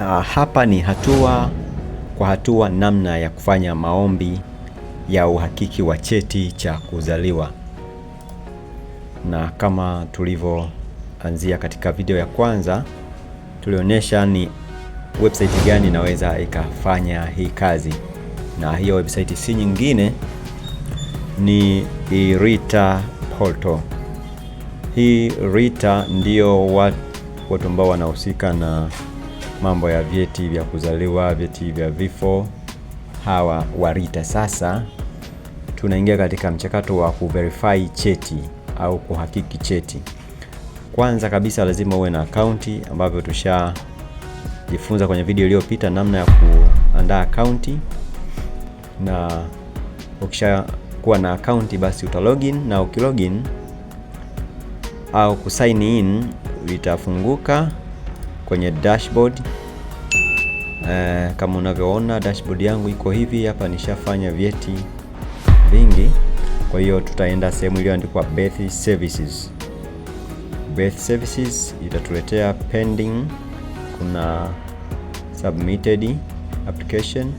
Uh, hapa ni hatua kwa hatua namna ya kufanya maombi ya uhakiki wa cheti cha kuzaliwa. Na kama tulivyoanzia katika video ya kwanza, tulionyesha ni website gani inaweza ikafanya hii kazi, na hiyo website si nyingine, ni Irita Portal. Hii Rita ndio watu ambao wanahusika na mambo ya vyeti vya kuzaliwa, vyeti vya vifo, hawa warita. Sasa tunaingia katika mchakato wa kuverify cheti au kuhakiki cheti. Kwanza kabisa lazima uwe na akaunti, ambavyo tushajifunza kwenye video iliyopita namna ya kuandaa akaunti, na ukisha kuwa na akaunti basi uta login, na ukilogin au kusign in litafunguka kwenye dashboard. E, kama unavyoona dashboard yangu iko hivi hapa, nishafanya vyeti vingi. Kwa hiyo tutaenda sehemu iliyoandikwa birth services. Birth services itatuletea pending, kuna submitted application,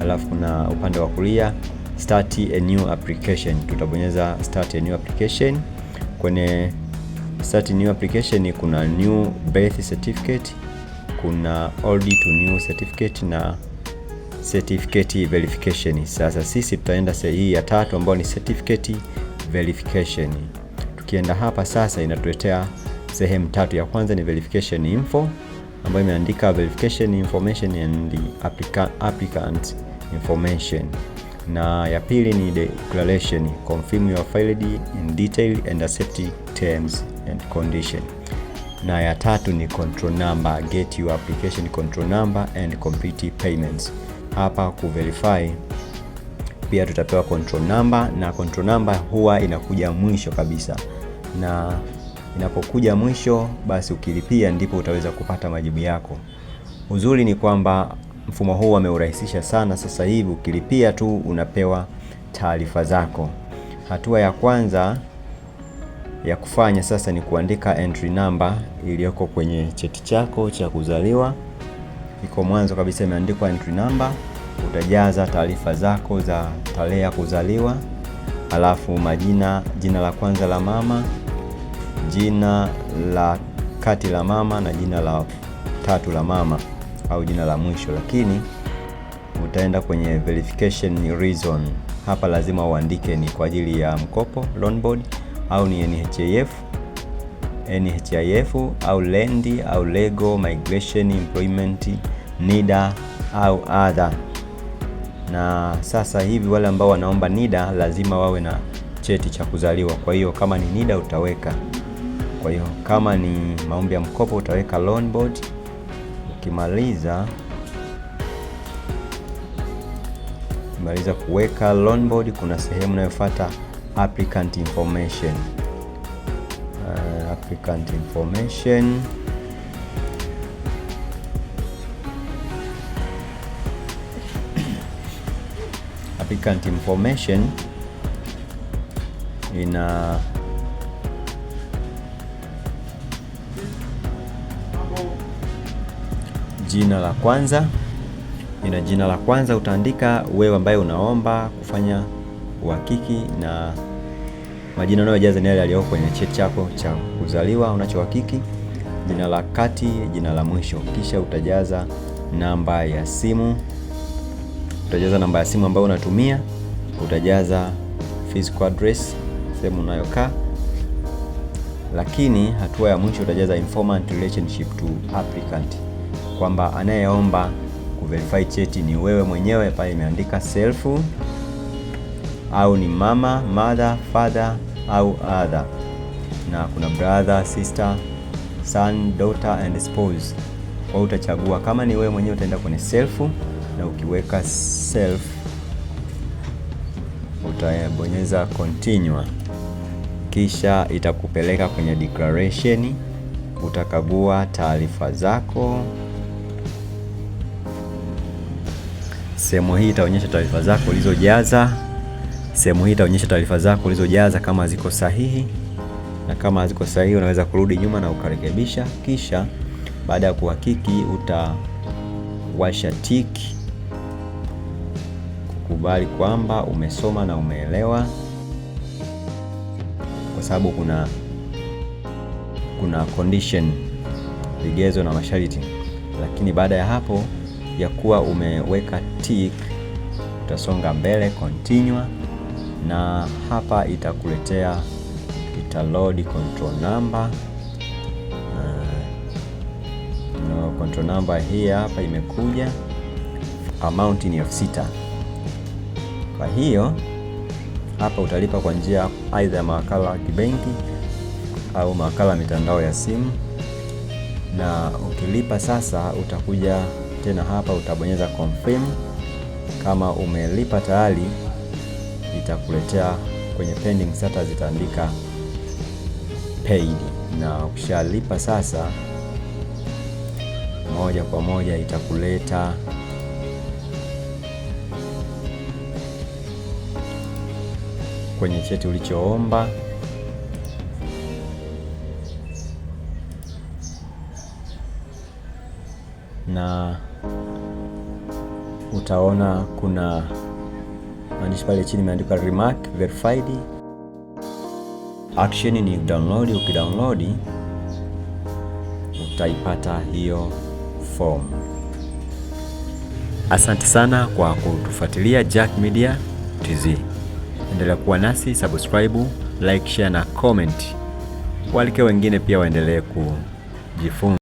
alafu kuna upande wa kulia start a new application. Tutabonyeza start a new application kwenye start new application, kuna new birth certificate, kuna old to new certificate na certificate verification. Sasa sisi tutaenda hii ya tatu ambayo ni certificate verification. Tukienda hapa sasa, inatuletea sehemu tatu. Ya kwanza ni verification info ambayo imeandika verification information and applicant, applicant information na ya pili ni declaration confirm your filed in detail and accept terms and condition, na ya tatu ni control number, get your application control number and complete payments. Hapa ku verify pia tutapewa control number, na control number huwa inakuja mwisho kabisa, na inapokuja mwisho, basi ukilipia ndipo utaweza kupata majibu yako. Uzuri ni kwamba mfumo huu wameurahisisha sana. Sasa hivi ukilipia tu unapewa taarifa zako. Hatua ya kwanza ya kufanya sasa ni kuandika entry number iliyoko kwenye cheti chako cha kuzaliwa. Iko mwanzo kabisa imeandikwa entry number. Utajaza taarifa zako za tarehe ya kuzaliwa, alafu majina, jina la kwanza la mama, jina la kati la mama na jina la tatu la mama au jina la mwisho. Lakini utaenda kwenye verification reason. Hapa lazima uandike ni kwa ajili ya mkopo loan board au ni NHIF, NHIF au Lendi au Lego, Migration, Employment, NIDA au other. Na sasa hivi wale ambao wanaomba NIDA lazima wawe na cheti cha kuzaliwa. Kwa hiyo kama ni NIDA utaweka, kwa hiyo kama ni maombi ya mkopo utaweka loan board. Ukimaliza maliza kuweka loan board, kuna sehemu inayofuata applicant information. Uh, applicant information applicant information ina uh, jina la kwanza, ina jina la kwanza utaandika wewe ambaye unaomba kufanya uhakiki na majina unayojaza ni yale yaliyo kwenye cheti chako cha kuzaliwa unachohakiki, jina la kati, jina la mwisho, kisha utajaza namba ya simu, utajaza namba ya simu ambayo unatumia, utajaza physical address, sehemu unayokaa lakini hatua ya mwisho utajaza informant relationship to applicant, kwamba anayeomba kuverify cheti ni wewe mwenyewe. Pale imeandika self au ni mama, mother, father au other, na kuna brother, sister, son, daughter and spouse. Kwa utachagua kama ni wewe mwenyewe utaenda kwenye self, na ukiweka self utabonyeza continue, kisha itakupeleka kwenye declaration. Utakagua taarifa zako. Sehemu hii itaonyesha taarifa zako ulizojaza. Sehemu hii itaonyesha taarifa zako ulizojaza kama ziko sahihi, na kama ziko sahihi unaweza kurudi nyuma na ukarekebisha. Kisha baada ya kuhakiki, utawasha tick kukubali kwamba umesoma na umeelewa, kwa sababu kuna kuna condition, vigezo na masharti. Lakini baada ya hapo ya kuwa umeweka tick, utasonga mbele continue na hapa itakuletea load control number no, control number hii hapa imekuja, amount ni elfu sita. Kwa hiyo hapa utalipa kwa njia aidha ya mawakala wa kibenki au mawakala mitandao ya simu, na ukilipa sasa utakuja tena hapa utabonyeza confirm kama umelipa tayari itakuletea kwenye pending status zitaandika paid, na ukishalipa sasa, moja kwa moja itakuleta kwenye cheti ulichoomba. na utaona kuna maandishi pale chini imeandikwa remark verified. Action ni download. Ukidownload utaipata hiyo form. Asante sana kwa kutufuatilia Jack Media TZ. Endelea kuwa nasi, subscribe, like, share na comment. Walike wengine pia waendelee kujifunza.